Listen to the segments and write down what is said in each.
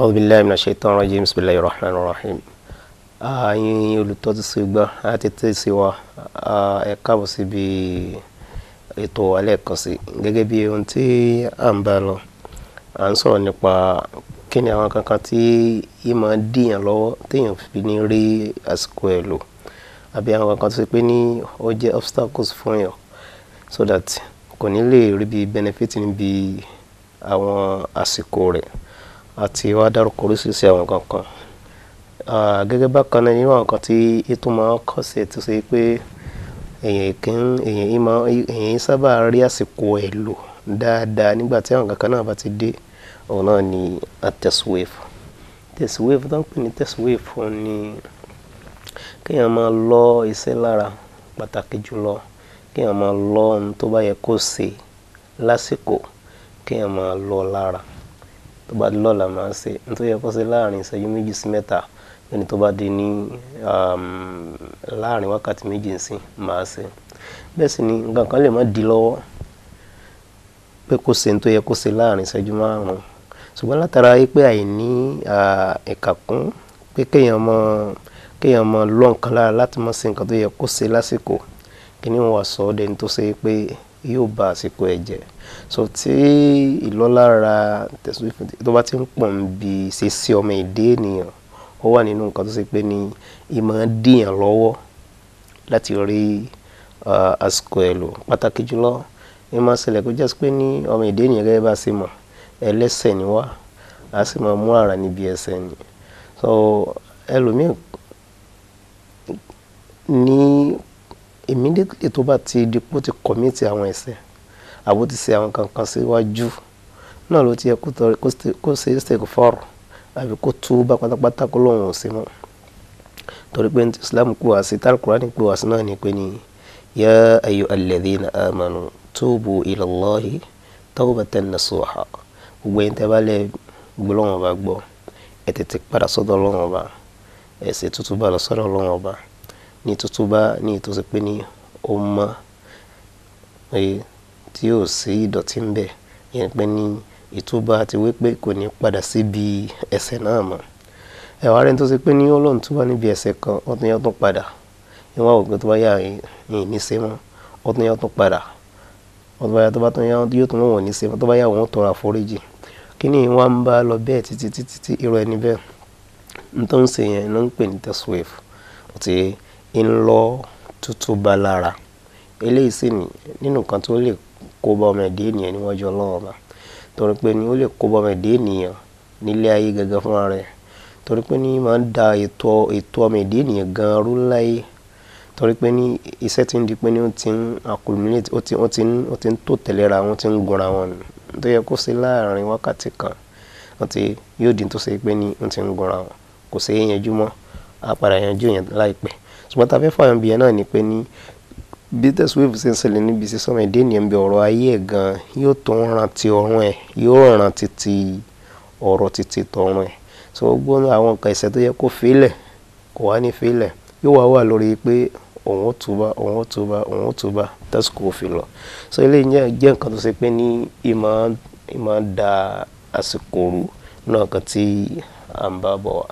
أعوذ بالله من الشيطان الرجيم بسم الله الرحمن الرحيم ayin olùtọ́ ti ṣe gbọ́ àti tí ṣe wa ah, ẹ káàbọ̀ síbi ètò alẹ́kọ̀ọ́sí gẹ́gẹ́ bí ohun tí à ń bá lọ à ń sọ̀rọ̀ nípa kí ni àwọn kankan tí yìí máa dìyàn lọ́wọ́ téèyàn fi ní rí àsìkò ẹ̀ lò àbí àwọn kankan tó ṣe pé ní ó jẹ́ obstacles fún yàn so that kò ní lè rí bí benefit níbi àwọn àsìkò rẹ̀. àti wá dárúkọ oríṣiríṣi àwọn nǹkan kan gẹ́gẹ́ bákan náà nínú àwọn nǹkan tí ètò máa ń kọ̀ sí ẹ̀ tó ṣe pé èèyàn kì í èèyàn máa èèyàn sábà rí àsìkò ti dé òun náà ni atẹ̀síwèéfù tẹ̀síwèéfù tó ń pè ní ni kéèyàn máa lọ iṣẹ́ lára pàtàkì jùlọ kéèyàn máa lọ ohun tó bá yẹ kó ṣe lásìkò tó bá di lọ́la máa ṣe nítorí yẹ kó ṣe láàrin ìṣẹ́jú méjì sí mẹ́ta ẹni tó bá di ní um, láàrin wákàtí méjì sí máa ṣe bẹ́ẹ̀ sì ni nǹkan kan lè má di lọ́wọ́ pé kó ṣe nítorí yẹ kó ṣe láàrin ìṣẹ́jú márùn-ún ṣùgbọ́n látara pé àìní ìkàkún pé kéèyàn mọ kéèyàn mọ lọ́nkàn lára láti mọ̀ sí nǹkan tó yẹ kó ṣe lásìkò kí ni wọ́n wà sọ ọ́ dẹni tó ṣe pé yóò ba àsìkò ẹ̀jẹ̀ so tí ìlọ́lára tẹ̀síwìfù tó bá ti ń pọ̀ ń bi ṣe sí ọmọ èdè ènìyàn ó wà nínú nǹkan tó ṣe pé ní ìmọ̀ dìyàn lọ́wọ́ láti rí àsìkò ẹ̀ lò pàtàkì jùlọ ìmọ̀ ṣẹlẹ̀ kó jẹ́ pé ní ọmọ èdè ènìyàn gẹ́gẹ́ bá ṣe mọ̀ ẹlẹ́sẹ̀ ni wá a sì máa mú ara níbi ẹsẹ̀ ni so ẹlòmíràn ní immediately tó bá ti dipò ti commit àwọn ẹ̀ṣẹ̀ àbó ti ṣe àwọn kankan síwájú náà ló ti yẹ kó ṣe istighfar àbí kó túbà pátápátá kó lóun ò sí mọ́ torí pé islam kú wá sí tàbí kúránì kú wá sí náà ni pé ni ya ayyuhal ladhina amanu tubu ila Allahi tawbatan nasuha gbogbo ẹni tẹ́ bá lè gbọ́ lọ́wọ́n ọba gbọ́ ẹ̀ tètè padà sọ́dọ̀ lọ́wọ́n ọba ẹ̀ sì tútù bá lọ sọ́dọ̀ lọ́wọ́n ọba ní tuntun bá ní ètò sí pé ní ó mọ èyí tí yóò sí ìdọ̀tí ń bẹ̀ yẹn pé ní ìtúbà àti wípé kò ní padà síbi ẹ̀ṣẹ̀ náà mọ́ ẹ̀wà rẹ̀ tó ṣe pé ní ọlọ́run túbà níbi ẹ̀ṣẹ̀ kan ọdún yẹn tún padà ìwọ̀n ògbìn tó bá yà yìí ní ṣe mọ́ ọdún yẹn tún padà ọdún bá tó bá tún yà yóò tún wọ̀n ní ṣe mọ́ tó bá yà wọ́n tọrọ àforíjì kí ni ìwọ̀n ń bá lọ bẹ́ẹ̀ títí títí irú ẹni bẹ́ẹ̀ n tó ń ṣe yẹn ló ń pè ní test wave ó ti ń lọ tútù bá lára eléyìí sì ni nínú nǹkan tó lè kó bá ọmọ ènìyàn níwájú ọlọ́run ọba torí pé ni ó lè kó bá ọmọ ẹ̀dá ènìyàn nílé ayé gangan fúnra rẹ̀ torí pé ni máa ń da ètò ètò ọmọ ẹ̀dá ènìyàn gan rú láyé torí pé ní iṣẹ́ ti ń di pé ní ó ti ń accumulate ó ti ó ti ń ó ti ń tò tẹ̀léra wọn ó ti ń gunra wọn nù tó yẹ kó ṣe láàrin wákàtí kan ó ti yóò di tó ṣe pé ní ó ti ń gunra wọn kò ṣe é yanjú mọ́ àpàdà yanjú yẹn láìpẹ́ ṣùgbọ́n tá a fẹ́ fààyàn bìyẹn náà ni pé ní bí tẹ̀síwèé ṣe ń ṣẹlẹ̀ níbi sísọ ẹ̀dá ènìyàn bí ọ̀rọ̀ ayé ẹ̀ gan yóò tó ń ran ti ọ̀run ẹ̀ yóò ran títí ọ̀rọ̀ títí tọ̀run ẹ̀ so gbogbo àwọn nǹkan ẹ̀ṣẹ̀ tó yẹ kó fílẹ̀ kò wá ní fílẹ̀ yóò wá wà lórí pé òun ó túbà òun ó túbà òun ó túbà tásìkò òfin lọ so eléyìí jẹ́ nǹkan tó ṣe pé ní ìmọ̀ da àsìkò rú náà kan tí à ń bá bọ̀ wá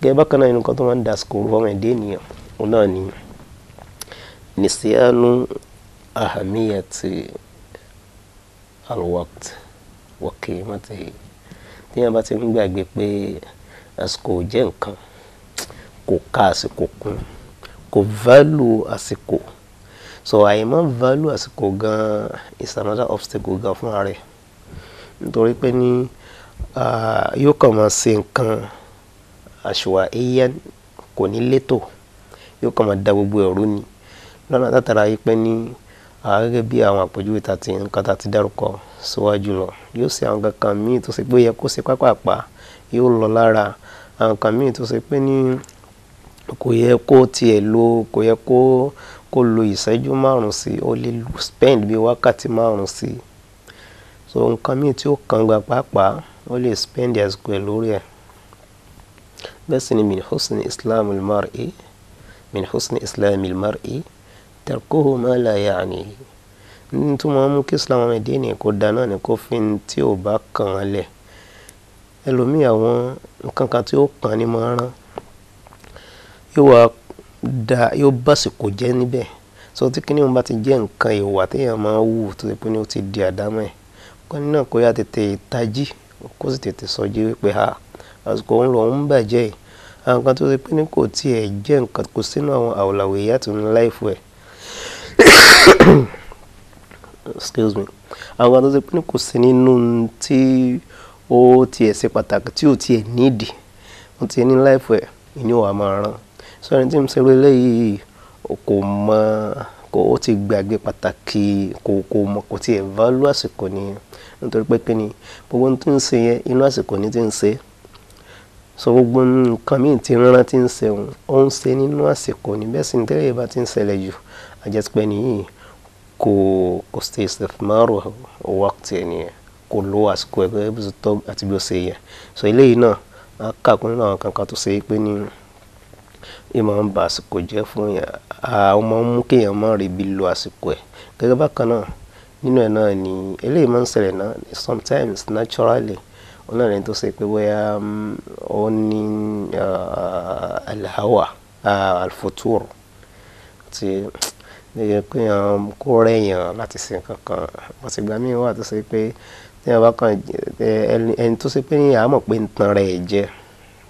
gẹ́gẹ́ bákan náà òun náà ni nisiyanu ahamiyati alwakt wakimati tíyẹn bá ti ń gbàgbé pé àsìkò jẹ́ nǹkan kò ka àsìkò kún kò válù àsìkò so àìmọ́ válù àsìkò gan is another obstacle gan fún ara ẹ̀ nítorí pé ní yóò kàn máa ṣe nǹkan àṣùwà ayan kò ní létò yóò kàn máa da gbogbo ẹ̀rú ni lọ́nà tàtàrà yìí pẹ́ ní gẹ́gẹ́ bí àwọn àpèjúwe tàti nǹkan tàti dárúkọ síwájú lọ yóò ṣe àwọn kankan míì tó ṣe pé yẹ kó ṣe pápápá yóò lọ lára àwọn kankan míì tó ṣe pé ní kò yẹ kó tiẹ̀ lo kò yẹ kó kó lo ìṣẹ́jú márùn sí ó lè spend bí wákàtí márùn sí so nǹkan míì tí ó kàn gba pàápàá ó lè spend àsìkò ẹ̀ lórí ẹ̀ bẹ́ẹ̀ sì ni min husni islam al-mar'i min husni islamil mar'i tarkuhu ma la ya'nihi nítorí wọn mú kí islam ọmọ ẹdín ní kó dáná ní kó fi tí ò bá kàn án lẹ̀ ẹlòmíì àwọn nǹkan kan tí ó kàn ní máa rán yóò bá sìkò jẹ́ níbẹ̀ so tí kìnìún bá ti jẹ́ nǹkan ìwà téèyàn máa wù tó ti pín ní ó ti di àdámọ́ ẹ̀ kọ́ nínú àkóyá tètè tají kó sì tètè sọjí wípé ha àsìkò òun lòún bàjẹ́ yìí àwọn kan tó ṣe pé ní kò tiẹ̀ jẹ́ nǹkan kò sínú àwọn àwòlàwò ìyá tó ń láìfù ẹ̀ excuse me àwọn kan tó ṣe pé ní kò sí nínú tí ó tiẹ̀ ṣe pàtàkì tí ò tiẹ̀ nídìí wọ́n ti ní láìfù ẹ̀ ìní ò wá máa ràn sọ ẹni tí mo ṣe eléyìí kò mọ kò ó ti gbàgbé pàtàkì kò kò mọ kò tiẹ̀ value àsìkò nìyẹn nítorí pé kí ni gbogbo ohun ń ṣe yẹn inú àsìkò ní ti ń ṣe é so gbogbo nǹkan míì ti rán ti ń ṣe òun ó ń ṣe nínú àsìkò ní bẹ́ẹ̀ sì ń tẹ́lẹ̀ bá ti ń ṣẹlẹ̀ jù àjẹsípẹ́ nìyí kò kò ṣe ìṣèfúnmárò wákìtì ẹ̀nìyẹn kò lo àsìkò ẹ̀kọ́ ẹ̀ bí ó tọ́ àti bí ó ṣe yẹ so eléyìí náà á kàkún nínú àwọn kankan tó ṣe é pé ní ìmọ̀ ń ba àsìkò jẹ́ fún yẹn àwọn ọmọ mú kéèyàn má rí bí lo àsìkò ẹ̀ gẹ́gẹ́ bákan náà nínú ẹ̀ náà ni eléyìí máa ń ṣẹlẹ̀ náà sometimes naturally òun náà lẹni tó ṣe pé bóyá mm, ó ní alhawa alfutur ti lè pé kó rẹ̀yàn láti ṣe nǹkan kan àti ìgbà míì wà tó ṣe pé tí wọn bá kàn ẹni tó ṣe pé ní àmọ̀ pé ń tan rẹ̀ jẹ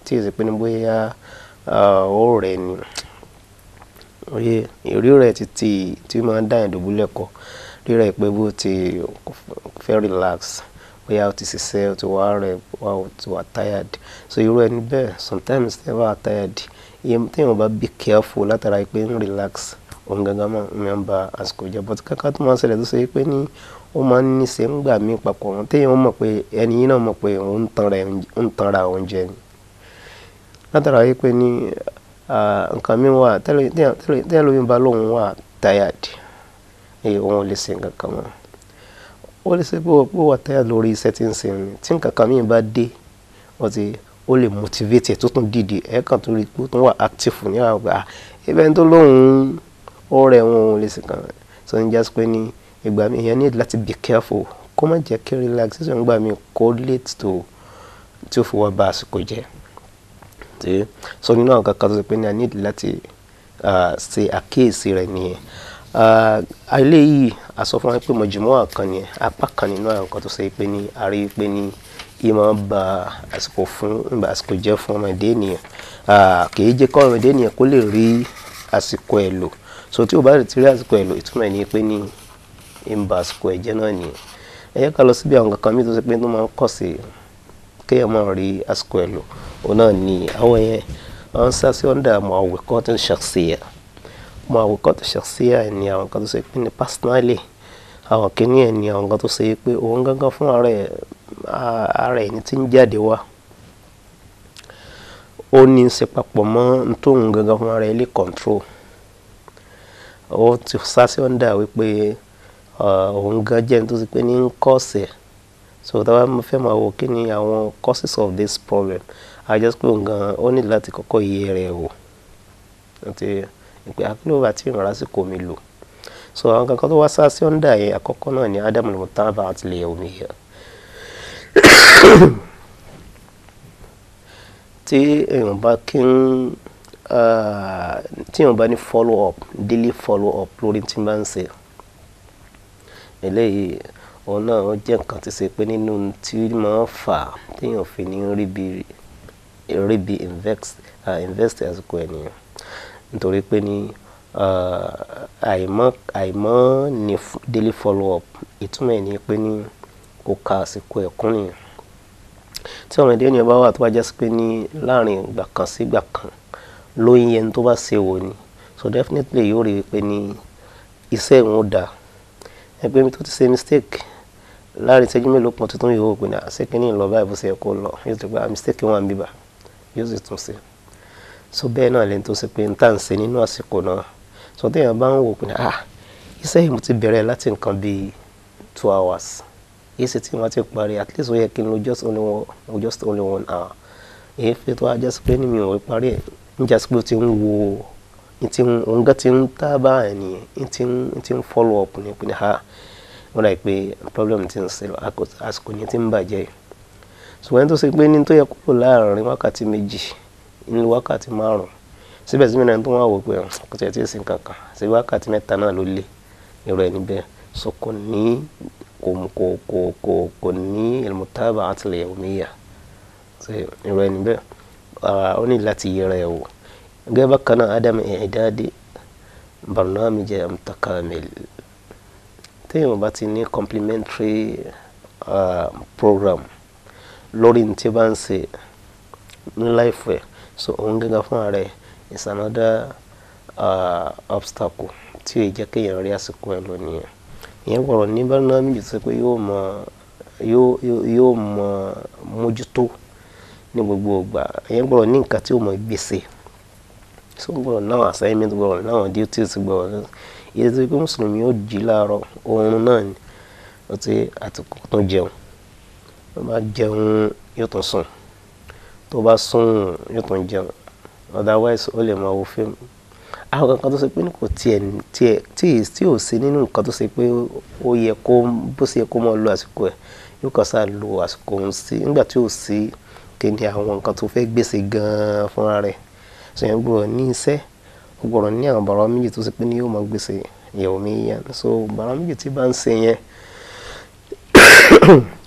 tí èsì pé ní bóyá ó rẹ̀ ni oye ìrí rẹ̀ ti ti tí máa ń dá ìdòbú lẹ́kọ̀ọ́ rírẹ̀ pé bó ti fẹ́ relax bóyá o ti ṣiṣẹ́ o ti wà rẹ̀ wá o ti wà tired so irú ẹni bẹ́ẹ̀ sometimes tẹ́ bá tired iye téèyàn bá be careful látara pé ń relax òun gangan máa ń ba àsìkò jẹ́ but kankan tó máa ń ṣẹlẹ̀ tó ṣe pé ní ó máa ń ní ṣe ń gbà mí papọ̀ wọn téèyàn mọ̀ pé ẹni yìí náà mọ̀ pé òun ń tanra òun jẹ ni látara pé ní nǹkan mi wà tẹ́lẹ̀ lómi ba lóun wà tired òun ò lè ṣe nǹkan kan mọ́ ó lè ṣe pé ó wà táyà lórí iṣẹ́ tí ń ṣe ni tí nǹkan kan mìíràn bá dé wọ́n ti ó lè motivate ẹ̀ tó tún dìde ẹ̀ kàn tó rí pé ó tún wà active ní àwọn àgbà ibẹ̀ tó lóun ọ̀rẹ́ wọn ò lè ṣe so ń jásí pé ní ìgbà mi èèyàn need láti be careful kó má jẹ́ kí relaxation gbà mí kó late to tí ó fi wá bá àsìkò jẹ́ tí so nínú àwọn kankan tó ṣe pé ní i need láti ṣe àkíyèsí rẹ̀ nìyẹn eléyìí a sọ fún wa pé mọ̀jùmọ́ àkàn ni apá kan nínú àwọn nǹkan tó ṣe pé ní a rí i pé ní ìmọ̀ ba àsìkò fún ìgbà àsìkò jẹ́ fún ọmọdé ènìyàn kì jẹ́ kọ́ ọmọdé ènìyàn kó lè rí àsìkò ẹ̀ lò so tí o bá ti rí àsìkò ẹ̀ lò ìtumọ̀ ẹ̀ ni pé ní ìmọ̀ àsìkò ẹ̀jẹ̀ náà nìyẹn ẹ yẹ ká lọ síbi àwọn kankan míì tó ṣe pé tó máa ń kọ̀ sí kéèyàn máa rí àsìkò ẹ̀ lò òun náà ni àwọn yẹn wọ́n ń sá sí ọ̀ndà àmọ́ àwẹ̀kọ́ tó ń ṣàṣeyàn mọ̀àwòkọ́tò ṣàṣeyà ẹ̀ ní àwọn nǹkan tó ṣe pé ní pásítánálì àwọn kìíní ẹ̀ ní àwọn nǹkan tó ṣe pé òun gángan fún ara ẹni tí ń jáde wá ó ní í ṣe papọ̀ mọ́ tóun gangan fún ara ẹ̀ control ó ti sá sí ọ̀ndà wípé òun gan jẹ́ ní tó ti pé ní ń kọ́ọ̀sẹ̀ so tá a bá fẹ́ máa wò kí ni àwọn causes of this problem a jẹ́ pé òun gan ó ní láti kọ́kọ́ yẹ rẹ̀ wò pé àfihàn ah, òwò àti ìrànlá sì kò mi lò so àwọn kankan tó wá sá sí ọ̀ndà yẹn àkọ́kọ́ náà ni adam ló tán bá àti lè omi yẹn tí èèyàn bá kí ń tí èèyàn bá ní follow up daily follow up lórí tí máa ń ṣe eléyìí òun náà ó jẹ́ nǹkan ti ṣe pé nínú tí máa ń fà á téèyàn fi ní ríbi ríbi invest àsìkò ènìyàn nítorí pé ní àìmọ́ àìmọ́ ní daily follow up ìtumọ̀ ẹ̀ ni pé ní kò ka àsìkò ẹ̀kún nìyẹn tí ọmọ ìdíyẹn bá wà tó bá jẹ́ sí pé ní láàrin ìgbà kan sí ìgbà kan ló ń yẹn tó bá ṣe wò ni so definitely yóò rí i pé ní iṣẹ́ ìwọ̀n dà ẹgbẹ́ mi tó ti ṣe mistake láàrin ìṣẹ́jú mélòó kan tuntun yóò wò pé ní àṣekínní lọ báyìí bó ṣe yẹ kó lọ yóò ti gba mistake wọn àbíbà yóò sì tún ṣe so bẹ́ẹ̀ náà lẹ́ni tó ṣe pé n tà ń ṣe nínú àsìkò náà so téèyàn bá ń wò pé ah iṣẹ́ yìí mo ti bẹ̀rẹ̀ láti nǹkan bíi two hours èyí sì tí wọ́n ti parí at least ó yẹ kí n lo just only one just only one hour èyí fi tó ajá sí pé ní mi ò rí parí ẹ̀ níjà sí pé ó ti ń wo ntí nga ti ń tábà ẹni ntí ntí ń follow up ní pé ha ah, wọ́n dà pé problem ti ń ṣẹlẹ̀ àsìkò ní ti ń bàjẹ́ so ẹni tó ṣe pé ní tó yẹ kúrò láàrin wákàtí méjì ní wákàtí márùn-ún síbẹ̀síbẹ̀ náà tó wà wò pé kò tiẹ̀ tí ì sí kankan sí wákàtí mẹ́ta náà ló lé irú ẹni bẹ́ẹ̀ so kò ní kò kò kò kò kò ní ìlmùtábà àtìlẹ̀ òmíyà so irú ẹni bẹ́ẹ̀ ó ní láti yẹra ẹ̀ wò gẹ́gẹ́ bákan náà adam ìdádi barnamij mutakamil téèyàn bá ti ní complementary uh, program lórí ní tí bá ń ṣe ní láìfẹ́ so òun gángan fúnra rẹ̀ is another uh, obstacle tí yóò jẹ́ kéèyàn rí àsìkò ẹ̀ lọ nìyẹn ìyẹn gbọ́dọ̀ ní bánámi jù sí pé yóò mọ yóò mọ mójútó ní gbogbo ìgbà ìyẹn gbọ́dọ̀ ní nǹkan tí yóò mọ gbèsè so gbọ́dọ̀ náwọn assignment gbọ́dọ̀ náwọn duties gbọ́dọ̀ ìyẹn tó pé mùsùlùmí yóò jí láàárọ̀ oorun náà ni ó ti àtìkù tó jẹun ó máa jẹun yóò tún sùn tó bá sún yóò tún jẹun otherwise ó lè máa wo fíìmù àwọn kankan tó ṣe pé kò tiẹ̀ tiẹ̀ tí tí ò sí nínú nǹkan tó ṣe pé ó yẹ kó bó ṣe yẹ kó máa lo àsìkò ẹ̀ yóò kàn sáà lo àsìkò òun sí nígbà tí ò sí kí ni àwọn nǹkan tó fẹ́ gbèsè gan-an fúnra rẹ̀ ṣèyàn gbọ́dọ̀ ní iṣẹ́ ó gbọ́dọ̀ ní àwọn bàrọ̀ méjì tó ṣe pé ni yóò máa gbèsè ìyàwó mi yẹn so bàrọ̀ méjì tí bá ń ṣe yẹn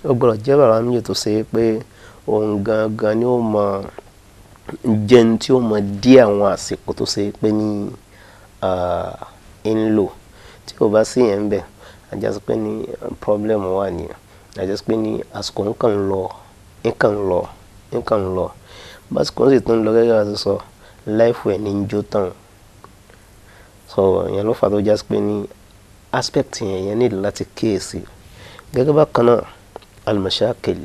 ó gbọ́dọ̀ jẹ́ bàrọ̀ méjì tó ṣe pé òun gangan ni ó mọ jẹun tí ó mọ dí àwọn àsìkò tó ṣe pé ní ń lò tí ò bá sí yẹn ń bẹ̀ àjẹsí pé ní problem wà nìyẹn àjẹsí pé ní àsìkò ń kàn lọ ń kàn lọ ń kàn lọ básìkò sì tún lọ gẹ́gẹ́ àti sọ life ẹ̀ ní jó tán so ìyẹn ló fà tó jásí pé ní aspect yẹn yẹn nílò láti kíyèsí gẹ́gẹ́ bákan náà al-mashakil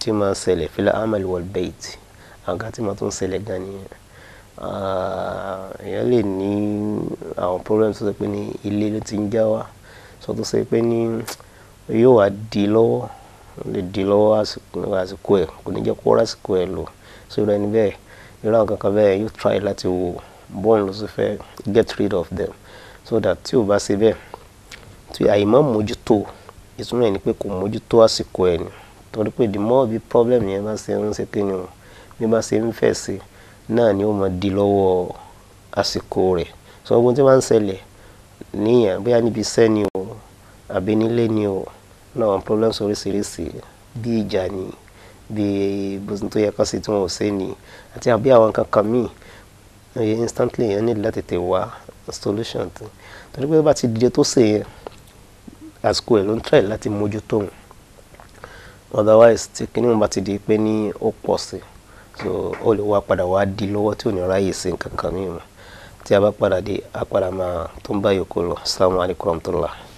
tí máa ṣẹlẹ̀ fílà amal wal bait àga tí máa tún ṣẹlẹ̀ gan nìyẹn ah, èèyàn lè ní àwọn problems tó ṣe pé ní ilé ló ti ń já wa sọ tó ṣe pé ní yóò wá di lọ́wọ́ lè di lọ́wọ́ àsìkò ẹ̀ kò ní jẹ́ kó rásìkò ẹ̀ lò so ìrọ̀ ẹni bẹ́ẹ̀ irú àwọn kankan bẹ́ẹ̀ yóò try láti wò bọ́ọ̀lù ló sì fẹ́ get rid of them so that tí o bá ṣe bẹ́ẹ̀ tí àìmọ́ mójútó ìtumọ̀ ẹ̀ ni pé kò mójútó àsìkò ẹ̀ ni torí pé the more bí problem yẹn bá ṣe ń ṣe kí ni o bí bá ṣe ń fẹ̀ sí náà ni ó máa di lọ́wọ́ àsìkò rẹ̀ sọ ogun tí wọ́n ń ṣẹlẹ̀ níyàn bóyá níbi iṣẹ́ ni o àbí nílé ni o náà àwọn problems oríṣiríṣi bí ìjà ni bí ibùsùn tó yẹ kó sí tí wọn ò ṣe ni àti àbí àwọn kankan míì instantly yẹn ní láti tètè wá solution tó torí pé bá ti dìde tó ṣe yẹn àsìkò ẹ̀ ló ń try láti mójútó òun otherwise tí kinní wọn bá ti di pé ní ó pọ̀ sí so ó lè wá padà wá di lọ́wọ́ tí ò ní ráyè sí nǹkan kan mìíràn tí a bá padà dé a padà máa tó ń bá yòókù lọ assalamu alaikum warahmatullahi.